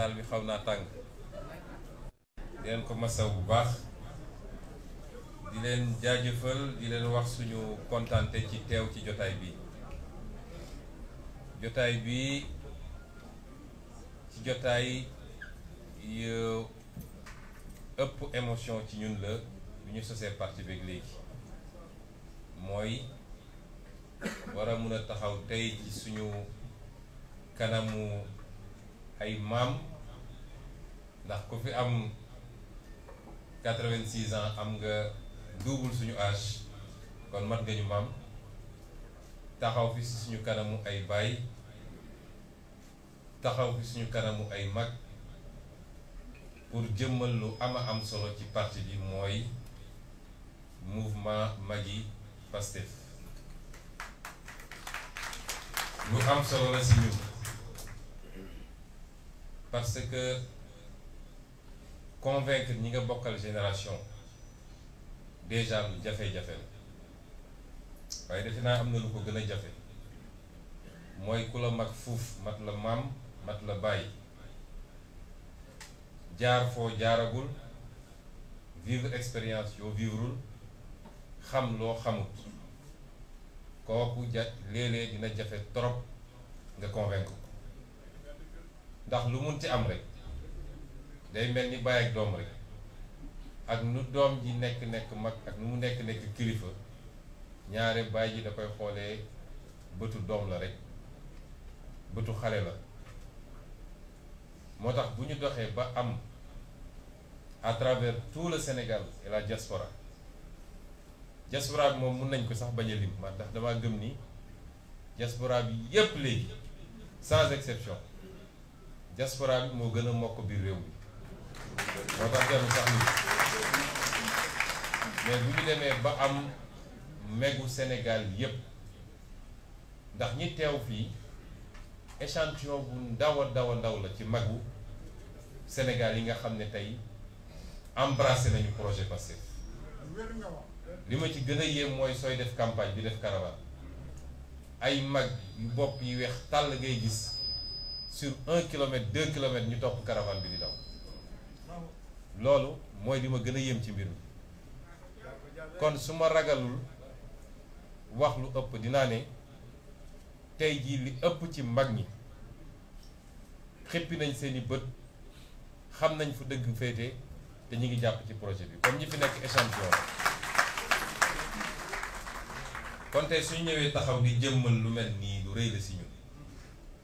salle bi xaw naa tàng di leen ko masaw bu baax di leen jaajëfal di leen wax suñu kontante ci teew ci jotaay bi jotaay bii ci jotaay yu euh, ëpp émotion ci ñun la bu ñu sosee parti beeg léegi mooy war a mun a taxaw tey ci suñu kanamu ay maam ndax ku fi am quatre-vingt-six ans am nga double suñu arch kon mat nga ñu maam taxaw fi suñu kanamu ay baay taxaw fi suñu kanamu ay mag pour jëmmal lu ama am solo ci parti bi mooy mouvement Maggi Pastef lu am solo la si ñun parce que convaincre ñi nga bokkal génération déjà lu jafe-jafe la waaye defe naa am na lu ko gën a jafe mooy ku la mag fuuf mat la maam mat la bàyyi jaar foo jaaragul vivre expérience yoo vivreul xam loo xamut kooku ja léeg-léeg dina jafe trop nga convaincre ko ndax lu mun ci am rek day mel ni bàyyi ak doom rek ak nu doom ji nekk nekk mag ak nu mu nekk nekk kilifa ñaare bàyyi ji da koy xoolee bëtu doom la rek bëtu xale la moo tax bu ñu doxee ba am à travers tout le Sénégal et la diaspora diaspora bi moom mun nañ ko sax bañ a lim man ndax damaa gëm ni diaspora bi yépp léegi sans exception diaspora bi moo gën a mokk biir réew mi moo tax jarul sax mais bu ñu demee ba am megu Sénégal yépp ndax ñi teew fii échantillon bu ndaw a ndaw la ci magu Sénégal yi nga xam ne tey embrassé nañu projet Pastef li ma ci gën a yéem mooy sooy def campagne bi def caravane ay mag yu bopp yi weex tàll ngay gis sur un kilomètre deux kilomètres ñu topp caravane bi di daw loolu mooy li ma gën a yëm ci mbir mi kon su ma ragalul wax lu ëpp dinaa ne tey jii li ëpp ci mag ñi xippi nañ seeni bët xam nañ fu dëgg féete te ñu ngi jàpp ci projet bi comme ñi fi nekk échantillon kon tey suñu ñëwee taxaw di jëmmal lu mel nii lu rëy la si ñun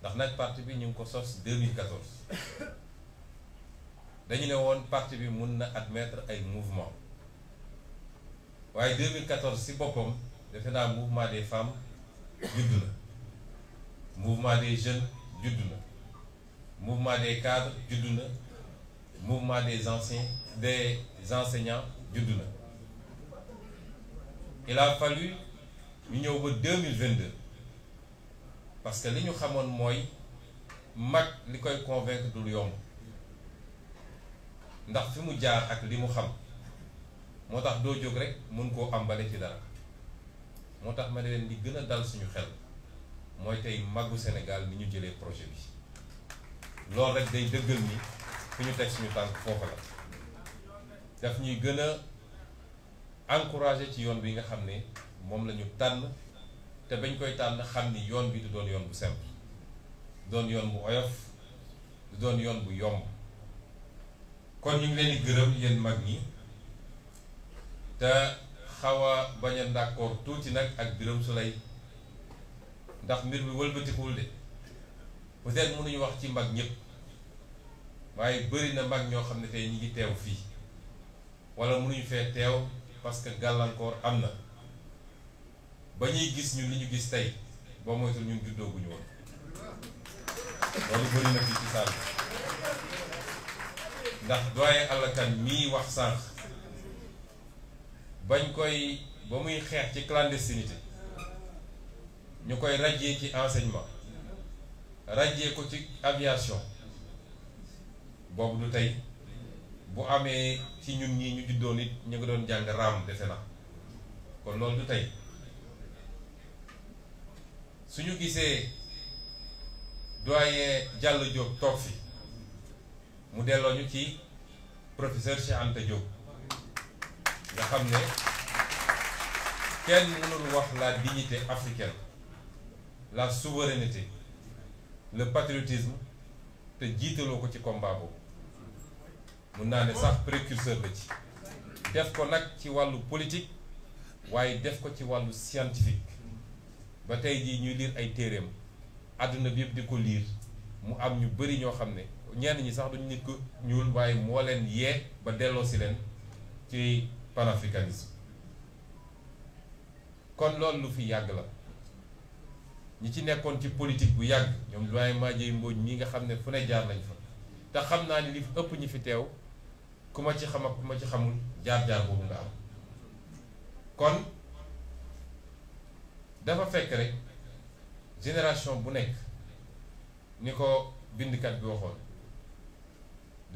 ndax nag parti bi ñu ngi ko sos 2014 dañu ne woon parti bi mun na admettre ay mouvement waaye 2014 si boppam defe naa mouvement des femmes judd na mouvement des jeunes judd na mouvement des cadres judd na mouvement des anciens des enseignants juddu na il a fallu ñu ñëw ba 2022 parce que li ñu xamoon mooy mag li koy convaincre du yomb ndax fi mu jaar ak li mu xam moo tax doo jóg rek mun koo ambale ci dara moo tax ma ne leen di gën a dal suñu xel mooy tey màggu Sénégal ni ñu jëlee projet bi loolu rek day dëggal ni fi ñu teg suñu tànk foofu la daf ñuy gën a encouragé ci yoon bi nga xam ne moom la ñu tànn te bañ koy tànn xam ni yoon bi du doon yoon bu simple doon yoon bu oyof du doon yoon bu yomb kon ñu ngi leen gërëm yéen mag ñi te xaw a bañ a tuuti nag ak Birame Souleye ndax mbir mi wëlbatikuwul de peut-être mënuñu wax ci mag ñëpp waaye bëri na mag ñoo xam ne tey ñi ngi teew fii wala mënuñu fee teew parce que gàllankoor am na ba ñuy gis ñu li ñu gis tey boo moytul ñun juddooguñu woon loolu bëri na fii ci salle ndax doyen Alla Kane mii wax sànq bañ koy ba muy xeex ci clandestinité ñu koy rajee ci enseignement rajee ko ci aviation boobu du tey bu amee ci ñun ñii ñu juddoo nit ñu ngi doon jàng raam defe na kon loolu du tey suñu gisee doyen Diallo Diop toog fi mu delloo ñu ci professeur Cheikh Anta Diop nga xam ne kenn mënul wax la dignité africain la souverainité le patriotisme te jiitaloo ko ci combat boobu mun naa ne sax précurseur la ci def ko nag ci wàllu politique waaye def ko ci wàllu scientifique ba tey jii ñuy lire ay téeréem àdduna bi yëpp di ko liir mu am ñu bëri ñoo xam ne ñenn ñi sax duñ nit ku ñuul waaye moo leen yee ba delloo si leen ci panafricanisme kon loolu lu fi yàgg la ñi ci nekkoon ci politique bu yàgg ñoom doyen Madiaye Mbodj mii nga xam ne fu ne jaar nañ fa te xam naa ni li ëpp ñi fi teew ku ma ci xam ku ma ci xamul jaar-jaar boobu nga am kon dafa fekk rek génération bu nekk ni ko bindkat bi waxoon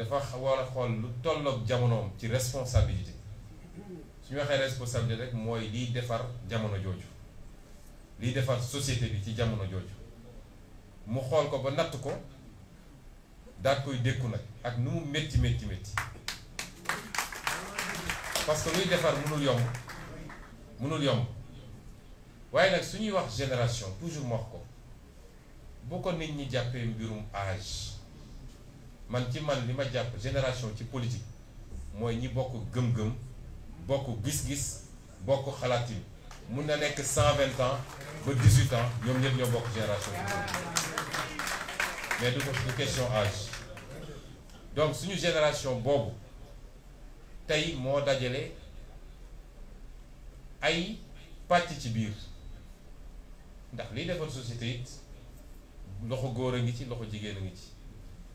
dafa war a xool lu tolloog jamonoom ci responsabilité su ñu waxee responsabilité rek mooy liy defar jamono jooju liy defar société bi ci jamono jooju mu xool ko ba natt ko daat koy dékku nag ak nu mu métti métti métti parce que luy defar mënul yomb mënul yomb waaye nag su ñuy wax génération toujours mu wax ko bu ko nit ñi jàppee mbirum age man ci man li ma jàpp génération ci politique mooy ñi bokk gëm-gëm bokk gis-gis bokk xalaat yi mun na nekk cent vingt ans ba dix huit ans ñoom ñëpp ñoo bokk génération mais du ko question âge suñu génération boobu tey moo dajale ay pàcc ci biir ndax liy defar société it loxo góor a ngi ci loxo jigéen a ngi ci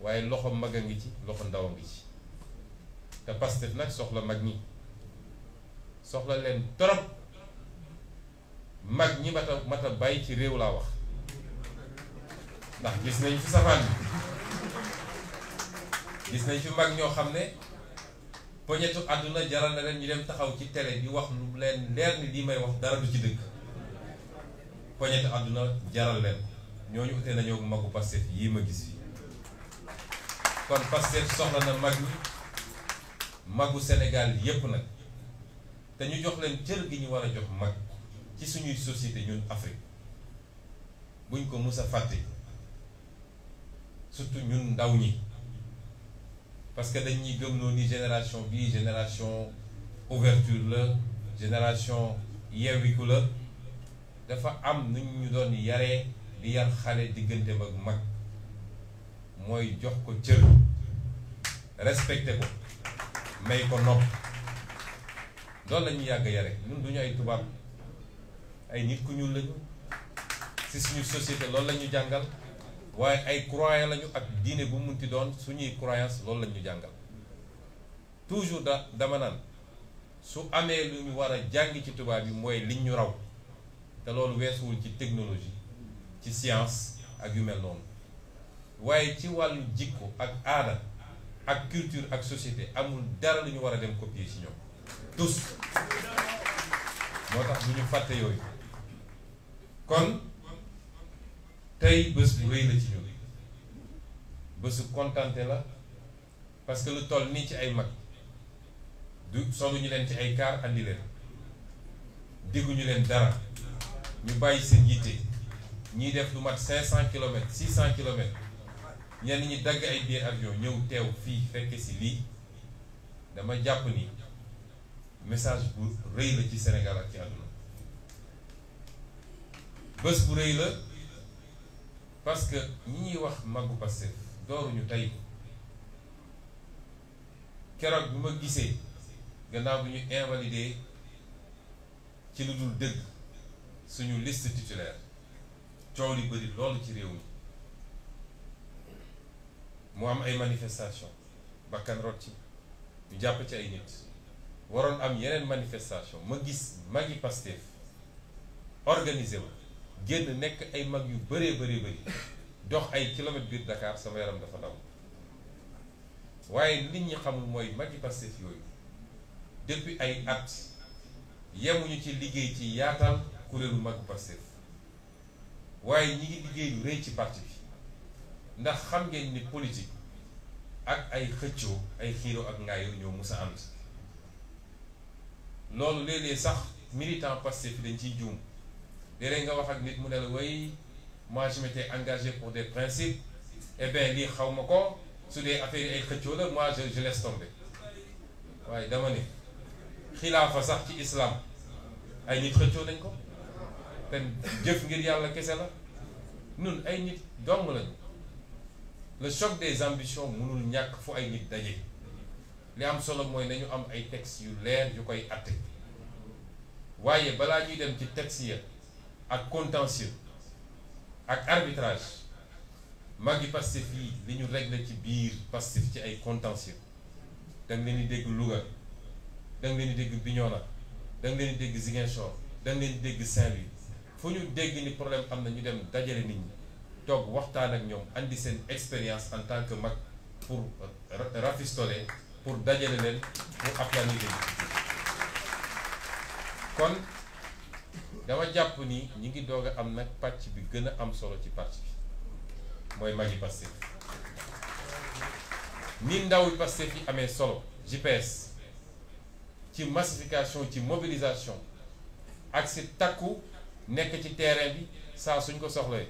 waaye loxo mag a ngi ci loxo ndaw a ngi ci te Pastef nag soxla mag ñi soxla leen torop mag ñi mata mata bàyyi ci réew laa wax ndax gis nañ fi safaan bi gis nañ fi mag ñoo xam ne poñetu àdduna jaral na leen ñu dem taxaw ci tere bi wax lu leen leer ni lii may wax dara du ci dëkk poñetu àdduna jaral leen ñooñu utee nañoo magu Pastef yii ma gis fi kon Pastef soxla na mag ñi magu Sénégal yépp nag te ñu jox leen cër gi ñu war a jox mag ci suñuy société ñun Afrique buñ ko mus fàtte surtout ñun ndaw ñi parce que dañuy gëmloo ni génération bii génération ouverture la génération yeewiku la dafa am nu ñu doon yaree di yar xale diggante mag mag mooy jox ko cër respecté ko may ko nopp loolu lañuy yàgg yare ñun du ñu ay tubaab ay nit ku ñuul lañu si suñu société loolu la ñu jàngal waaye ay croyants lañu ak diine bu munti doon suñuy croyance loolu la ñu jàngal toujours da dama naan su amee lu ñu war a jàngi ci tubaab yi mooy liñ ñu raw te loolu weesuwul ci technologie ci science ak yu mel noonu. waaye ci wàllu jikko ak aada ak culture ak société amul dara lu ñu war a dem copier ci ñoom tous moo tax bu ñu fàtte yooyu kon tey bés bu rëy la ci ñun bésu kontante la parce que lu toll nii ci ay mag du solu ñu leen ci ay kaar andi leen digguñu leen dara ñu bàyyi seen yitte ñiy def lu mat cinq cent kilomètres six cent kilomètres ñenn ñi dagg ay biir avion ñëw teew fii fekke si lii dama jàpp ni message bu rëy la ci Sénégal ak ci àdduna bés bu rëy la parce que ñi ñuy wax màggu Pastef dooruñu tey keroog bu ma gisee gannaaw bu ñu invalider ci lu dul dëgg suñu liste titulaire coow li bëri loolu ci réew mi mu am ay manifestation bakkan rot ci ñu jàpp ci ay nit waroon am yeneen manifestation ma gis magi Pastef organisé wu génn nekk ay mag yu bëree bëree bëri dox ay kilomètre biir Dakar sama yaram dafa daw waaye nit ñi xamul mooy magi Pastef yooyu depuis ay at yemuñu ci liggéey ci yaatal kuréelu mag Pastef waaye ñi ngi liggéey lu rëy ci parti bi ndax xam ngeen ni politique ak ay xëccoo ay xiiroo ak ngaayoo ñoo mus a am loolu léeg-léeg sax militant passé fi dañ ciy juum léeg-léeg nga wax ak nit mu ne la way moi je m'étais engagé pour des principes eh bien lii xaw ma ko su dee affaire ay xëccoo la moi je je laisse waaye dama ne xilaafa sax ci islam ay nit xëccoo nañ ko te jëf ngir yàlla kese la nun ay nit dong lañu le choc des ambitions mënul ñàkk fu ay nit daje li am solo mooy nañu am ay textes yu leer yu koy atte waaye balaa ñuy dem ci textes ya ak contentieux ak arbitrage mag yi Pastef yi li ñu la ci biir Pastef ci ay contentieux da leen di dégg Louga da nga leen di dégg Bignona da leen di dégg Ziguinchor da leen di dégg Saint-Louis fu ñu dégg ni problème am na ñu dem dajale nit ñi. toog waxtaan ak ñoom andi seen expérience en tant que mag pour euh, rafistoler pour dajale leen pour aplanir leen kon dama jàpp ni ñu ngi doog am nag pàcc bi gën a am solo ci parti bi mooy magi Pastef ni ndaw Pastef yi amee solo GPS ci massification ci mobilisation ak si takku nekk ci terrain bi saa suñ ko soxlawee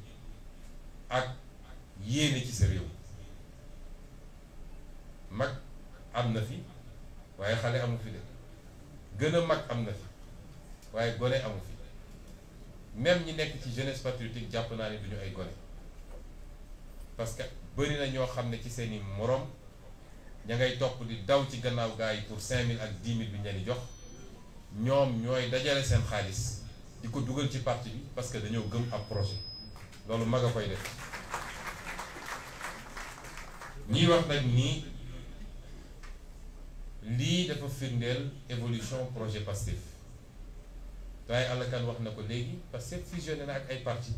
ak yéene ci sa réew mag am na fi waaye xale amu fi de gën mag am na fi waaye gone amu fi même ñi nekk ci jeunesse patriotique jàpp naa ne du ñu ay gone parce que na ñoo xam ne ci seeni moroom ña ngay topp di daw ci gannaaw gaa yi pour cinq mille ak dix mille bi ñu leen jox ñoom ñooy dajale seen xaalis di ko dugal ci parti bi parce que dañoo gëm ab projet loolu mag a koy def ñiy wax nag nii lii dafa firndeel évolution projet Pastef waaye àllakaan wax na ko léegi Pastef fusionné na ak ay parti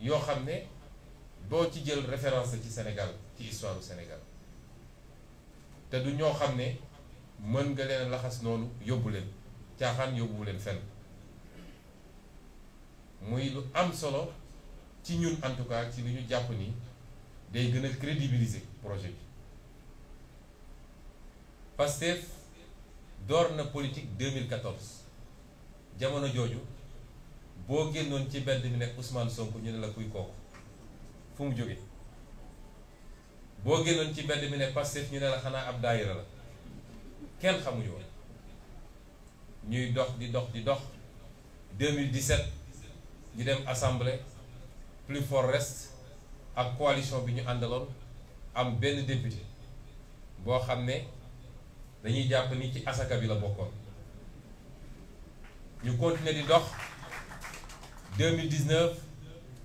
yoo xam ne boo ci jël référence ci Sénégal ci histoire du Sénégal te du ñoo xam ne mën nga leen laxas noonu yóbbu leen caaxaan yóbbu leen fenn muy lu am solo ci ñun en tout cas ci li ñu jàpp ni day gën a crédibiliser projet bi Pastef door na politique 2014 jamono jooju boo génnoon ci mbedd bi nekk Ousmane Sonko ñu ne la kuy kooku fu mu jóge boo génnoon ci mbedd mi ne Pastef ñu ne la xanaa ab daayira la kenn xamuñu ñuy dox di dox di dox 2017 ñu dem assemblée plus fort reste ak coalition bi ñu àndaloon am benn député boo xam ne dañuy jàpp ni ci asaka bi la bokkoon ñu continuer di dox 2019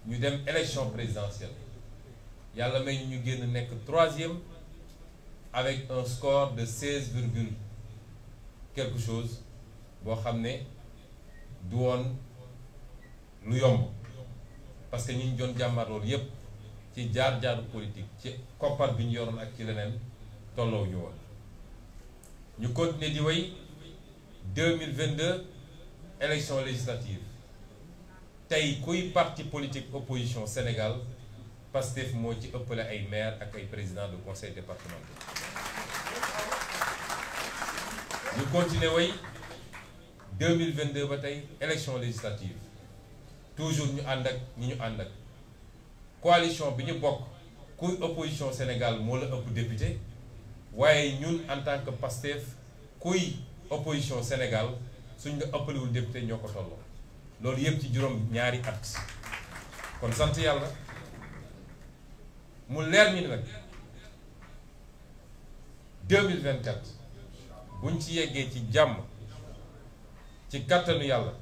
ñu dem élection présidentielle yàlla may ñu génn nekk troisième avec un score de 16 virgule quelque chose boo xam ne du woon lu yomb parce que ñi ñu doon jàmbaroon yépp ci jaar-jaaru politique ci koppar bi ñu yoroon ak ci leneen tolloo ñu woon ñu continuer di way 2022 élection législative tey kuy parti politique opposition Sénégal Pastef moo ci ëppale ay maire ak ay président de conseil départemental ñu continuer way 2022 ba tey élection législative toujours ñu ànd ak ñi ñu ànd ak coalition bi ñu bokk kuy opposition Sénégal moo la ëpp député waaye ñun en tant que Pastef kuy opposition Sénégal suñ nga ëppalewul député ñoo ko tolloo loolu yëpp ci juróom ñaari at kon sant yàlla mu leer ñu nag 2024 buñ ci yeggee ci jàmm ci kàttanu yàlla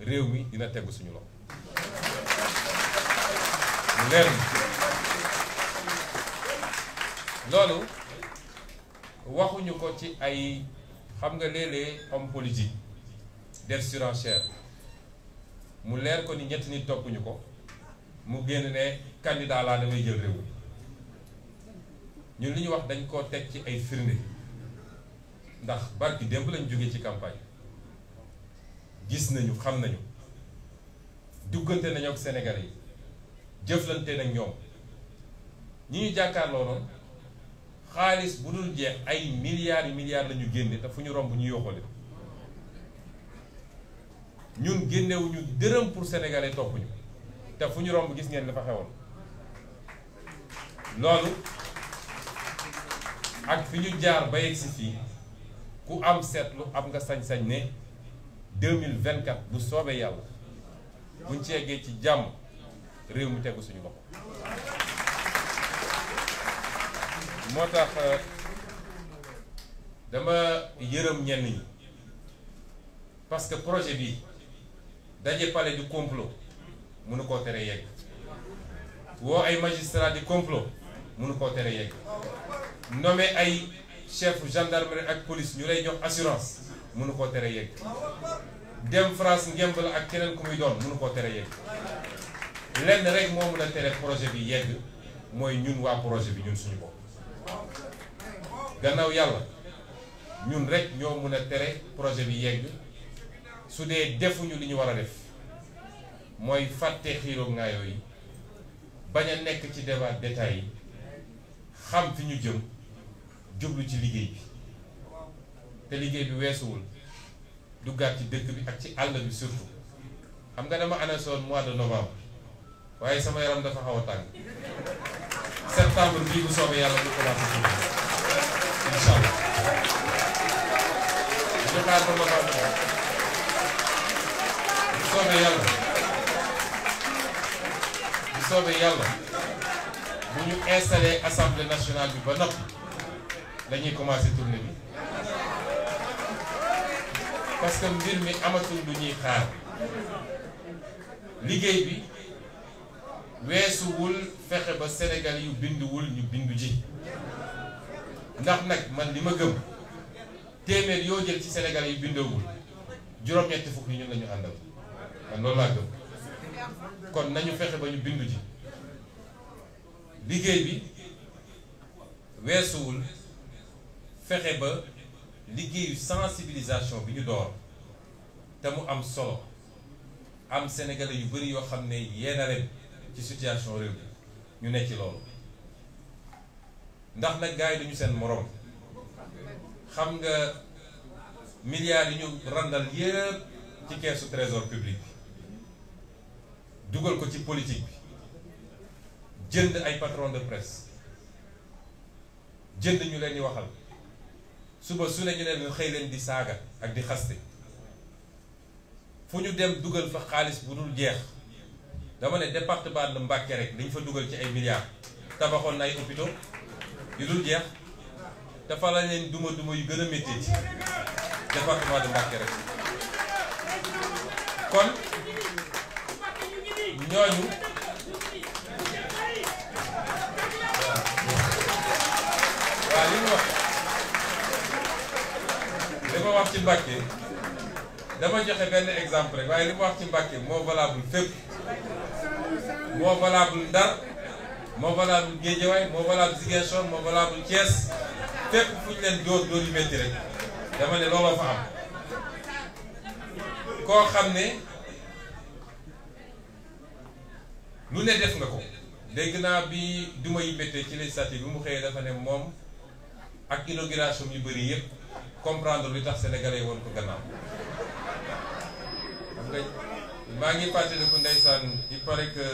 réew mi dina teg suñu loxo mu leer loolu waxuñu ko ci ay xam nga léeg-léeg homme politique def surenchère mu leer ko ni ñetti nit toppuñu ko mu génn ne candidat laa damay jël réew ñun li ñu wax dañ koo teg ci ay firnde ndax barki démb lañ jógee ci campagne gis nañu xam nañu duggante nañu ak Sénégalais yi jëflante nag ñoom ñi ñu jàkkaarloo noonu xaalis bu dul jeex ay milliards yi milliards lañu ñu génne te fu ñu romb ñu yokkale ñun génnewuñu dërëm pour sénégalais topp te fu ñu romb gis ngeen dafa xewoon loolu ak fi ñu jaar ba yegg fii ku am seetlu am nga sañ-sañ ne. mille 2024 bu soobee yàlla buñ ci yeggee ci jàmm réew mi tegu suñu loxo moo tax euh, dama yërëm ñenn ñi parce que projet bi daje pale du complot mënu koo tere yegg woo ay magistrat du complot mënu koo tere yegg nommé ay chef gendarmerie ak police ñu lay jox assurance mënu koo tere yegg dem France ngemb la ak keneen ku muy doon mënu koo tere yegg lenn rek moo mën a tere projet bi yegg mooy ñun waa projet bi ñun suñu bopp gannaaw yàlla ñun rek ñoo mun a tere projet bi yegg su dee defuñu li ñu war a def mooy fàtte xiiroo ngaayoo yi bañ a nekk ci débat détail yi xam fi ñu jëm jublu ci liggéey bi te liggéey bi weesuwul duggaat ci dëkk bi ak ci àll bi surtout xam nga dama anasoon mois de novembre waaye sama yaram dafa xaw tàng septembre bii bu soobee yàlla bu commencé suñu incha bu soobee yàlla bu ñu installé assemblée nationale bi ba noppi dañuy commencé tournée bi. parce que mbir mi amatul lu ñuy xaar liggéey bi weesuwul fexe ba Sénégal yu binduwul ñu bindu ji ndax nag man li ma gëm téeméer yoo jël ci Sénégal yu bindowul juróom-ñetti yi ñun la ñu àndal man loolu laa gëm kon nañu fexe ba ñu bindu ji liggéey bi weesuwul fexe ba. liggéeyu sensibilisation bi ñu door te mu am solo am sénégalais yu bëri yoo xam ne yee na ci situation réew mi ñu ne ci loolu ndax nag gars yi duñu seen moroom xam nga milliards yi ñu randal yëpp ci keesu trésor public bi dugal ko ci politique bi jënd ay patron de presse jënd ñu leen di waxal suba su ne ñu xëy leen di saaga ak di xaste fu ñu dem dugal fa xaalis bu dul jeex dama ne département de Mbacké rek dañ fa dugal ci ay milliards tabaxoon na ay hôpitaux yu dul jeex dafa la leen duma duma yu gën a métti ci département de Mbacké rek kon ñooñu waaw li ñu wax ma wax ci Mbàkke dama joxe benn exemple rek waaye li ma wax ci Mbàkke moo valable fépp moo valable Ndar moo valable Guédiawaye moo valable Ziguinchor moo valable Thiès fépp fu ñu leen dóor dóor yu métti rek dama ne looloo fa am koo xam ne lu ne def nga ko dégg naa bi duma yi méttee ci législative bi mu xëyee dafa ne moom ak inauguration yu bari yëpp comprendre lu tax sénégalais woon ko gannaaw xam nga maa ngi fàttaliku ndeysaan il paraît que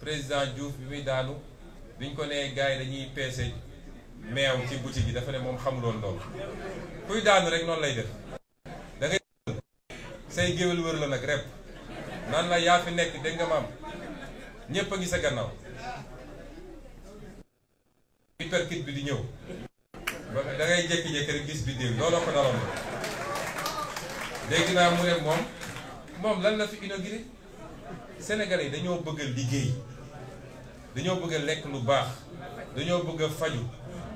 président Diouf bi muy daanu biñ ko nee gars yi dañuy peese meew ci boutique yi dafa ne moom xamuloon loolu kuy daanu rek noonu lay def da say géwél wër la nag rep naan la yaa fi nekk dégg nga maam ñépp a ngi sa gannaaw bi perkit bi di ñëw da ngay jékki-jékki gis bi déew looloo ko daloon léegi naa mu ne moom moom lan la fi inauguré Sénégalais yi dañoo bëgg liggéey dañoo bëgg lekk lu baax dañoo bëgg a faju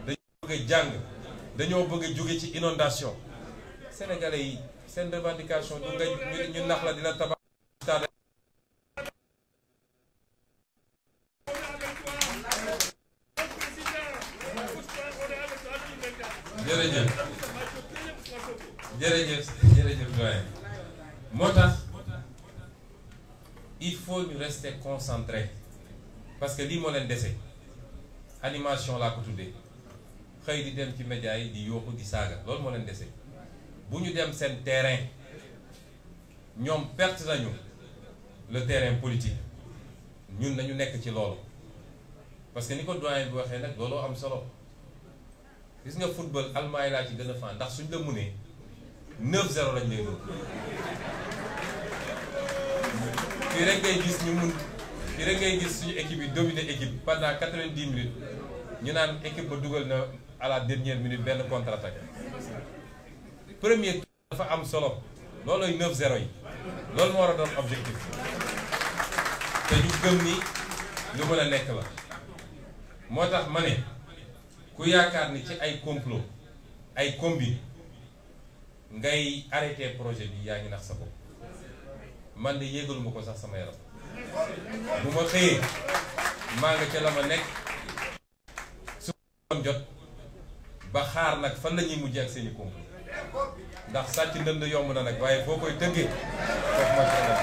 dañoo bëgg jàng dañoo bëgg jóge ci inondation Sénégalais yi seen revendication du nga ñu nax la dina tabax jërëjëf jërëjëf jërëjëf doyen moo tax il faut ñu rester concentré parce que lii moo leen dese animation laa ko tuddee xëy di dem ci média yi di yooxu di saaga loolu moo leen dese bu ñu dem seen terrain ñoom perte nañu le terrain politique ñun nañu nekk ci loolu parce que ni ko doyen bi waxee nag looloo am solo gis nga football Allemagne laa ci gën a fan ndax suñ la munee 9-0 lañ lay doon fii rek ngay gis ñu mun fii rek ngay gis suñu équipe yi dominer équipe pendant 90 minutes ñu naan équipe ba dugal na à la dernière minute benn contre premier tour dafa am solo loolooy 9-0 yi loolu moo war a doon objectif te ñu gëm ni lu mën a nekk la moo tax ma ne. ku yaakaar ni ci ay complot ay combine ngay arrêté projet bi yaa ngi nax sa bopp man de yégaluma ko sax sama yaram bu ma xëyee maa nga ca la ma nekk su doon ba xaar nag fan la ñuy mujj ak seeni complot ndax sàcc ndënd yomb na nag waaye foo koy tëggee foofu ma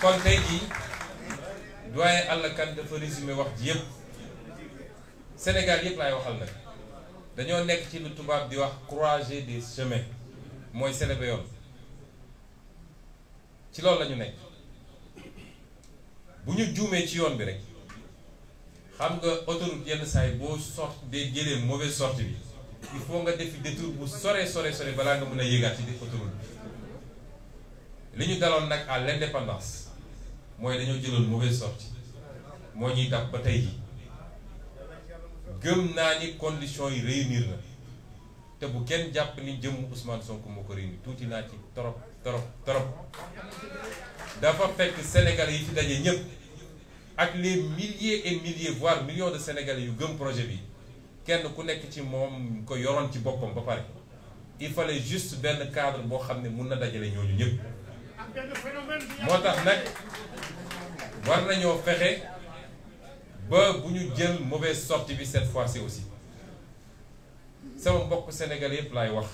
kon tey jii doyen Alla Kane dafa résumé wax ji yëpp Sénégal yëpp laay waxal nag dañoo nekk ci lu tubaab di wax croisée des chemins mooy selebe yoon ci loolu lañu ñu nekk bu ñu juumee ci yoon bi rek xam nga autoroute yenn saay boo sort de jëlee mauvaise sortie bi il faut nga defi détour bu sore sore sore balaa nga mën a yéegaat ci di autoroute bi li ñu daloon nag à l'indépendance mooy dañoo jëloon mauvaise sortie moo ñuy dab ba tey ji gëm naa ni conditions yi réunir na te bu kenn jàpp ni jëmm Ousmane Sonko moo ko réunir tuuti naa ci trop trop trop dafa fekk Sénégalais yi ci daje ñëpp ak les milliers et milliers voire millions de Sénégalais yu gëm projet bi kenn ku nekk ci moom ko yoroon ci boppam ba pare il fallait juste benn cadre boo xam ne mun na dajale ñooñu ñëpp moo tax nag war nañoo fexe. ba bu ñu jël mauvaise sortie bi cette fois-ci aussi sama mbokk senegal yëpp laay wax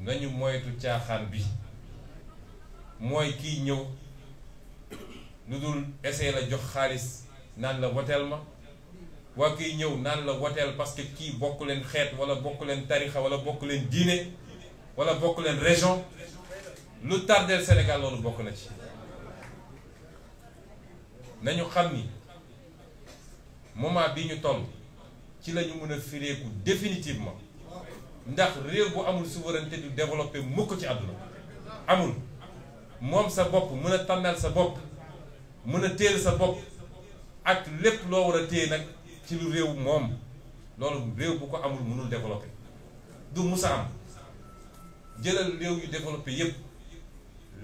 nañu moytu caaxaan bi mooy kiy ñëw lu dul essayer la jox xaalis naan la woteel ma waa kiy ñëw naan la woteel parce que kii bokk leen xeet wala bokk leen tarixa wala bokk leen diine wala bokk leen région lu tardeel Sénégal loolu bokk na ci nañu xam ni moment bii ñu toll ci lañu mën a fireeku définitivement ndax réew bu amul souveraineté du développé mukk ci àdduna amul moom sa bopp mën a tànnal sa bopp mën a téel sa bopp ak lépp loo war a téye nag ci lu réew moom loolu réew bu ko amul mënul développé du musa am jëlal réew yu développé yépp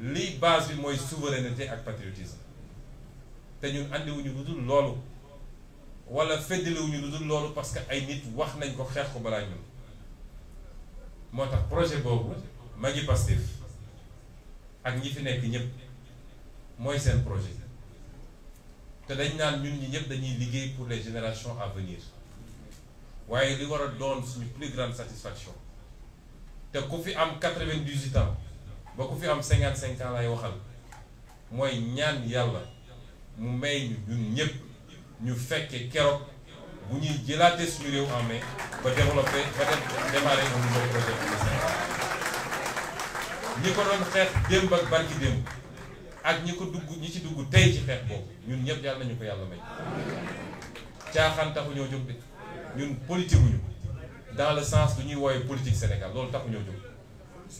li base bi mooy souveraineté ak patriotisme te ñu àndiwuñu lu loolu wala féddalewuñu lu dul loolu parce que ay nit wax nañ ko xeex ko balaa ñun moo tax projet boobu ma ngi Pastef ak ñi fi nekk ñëpp mooy seen projet te dañ naan ñun ñi ñëpp dañuy liggéey pour les générations à waaye li war a doon suñu plus grande satisfaction te ku fi am quatre-vingt-dix-huit ans ba ku fi am cinquante-cinq ans lay waxal mooy ñaan yàlla mu may ñu ñun ñëpp. ñu fekkee keroog bu ñuy jëlaatee suñu réew en ba développer ba def démarrer un nouveau projet pour le ñi ko doon xeex démb ak barki démb ak ñi ko dugg ñi ci dugg tey ci xeex boobu ñun ñëpp yàlla nañu ko yàlla may caaxaan taxu ñoo jóg de ñun politique dans le sens du ñuy wooye politique Sénégal loolu taxu ñoo jóg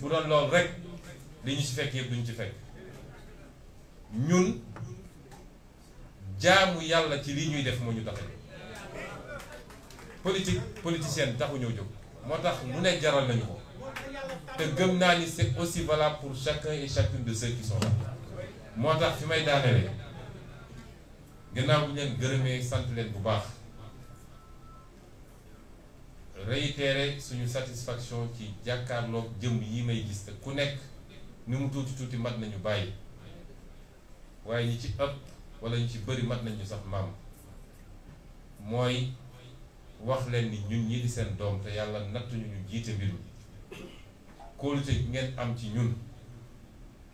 bu doon loolu rek li ñu ci fekk yëpp duñu ci fekk ñun jaamu yàlla ci lii ñuy def moo ñu tax politique politicienne taxu ñoo jóg moo tax mu ne jaral nañu ko te gëm naa ni c'est aussi valable pour chaque et chacune de ceux qui sont là moo tax fi may daanelee gannaaw bu ñu leen gërëmee sant leen bu baax réitéré suñu satisfaction ci jàkkaarloog jëm yi may gis te ku nekk ni mu tuuti tuuti mat nañu bàyyi waaye ñi ci ëpp wala ñu ci bëri mat nañu sax maam mooy wax leen ni ñun ñii di seen doom te yàlla nattuñu ñu jiite mbir mi ngeen am ci ñun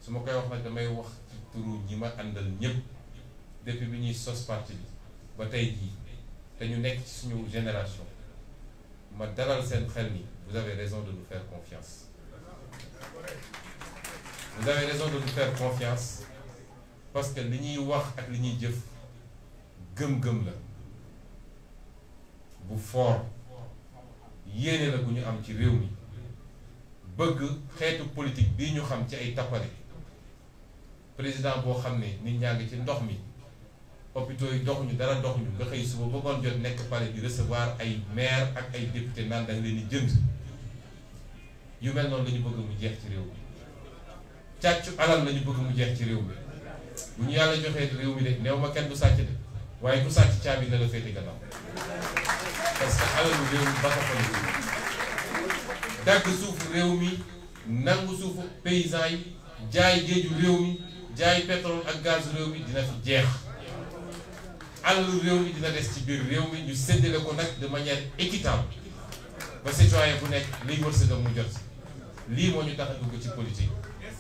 su ma koy wax nag damay wax ci turu ñi ma àndal ñëpp depuis bi ñuy sos parti bi ba tey jii te ñu nekk ci suñu génération ma dalal seen xel ni vous avez raison de nous confiance vous avez raison de nous confiance parce que li ñuy wax ak li ñuy jëf gëm-gëm la bu fort yéene la bu ñu am ci réew mi bëgg xeetu politique bii ñu xam ci ay tappale président boo xam ne nit ñaa ci ndox mi hôpitaux yi doxuñu dara doxuñu nga xëy suba bëggoon jot nekk pare di recevoir ay maire ak ay député naan dañ leen di jënd yu mel noonu la ñu bëgg mu jeex ci réew mi càccu alal lañu bëgg mu jeex ci réew mi bu ñu yàlla joxee réew mi de néew ma kenn du sàcc de waaye ku sàcc caabi na la féete gannaaw parce que alalu réew mi ba ko fa dagg suufu réew mi nangu suufu paysan yi jaay géeju réew mi jaay pétrole ak gaz réew mi dina fi jeex alalu réew mi dina des ci biir réew mi ñu séddale ko nag de manière équitable ba citoyen bu nekk liy wërsëgam mu jot lii moo ñu tax dugg ci politique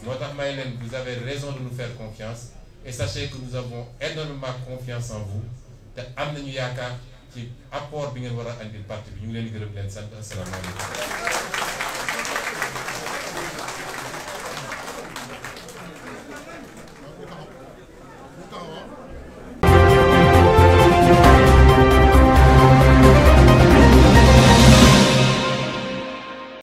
moo tax may leen vous avez raison de nous faire confiance et sachez que nous avons énormément confiance en vous te am nañu yaakaar ci apport bi ngeen war a andil parti bi ñu ngi leen di gërëm leen sant asalaamaaleykum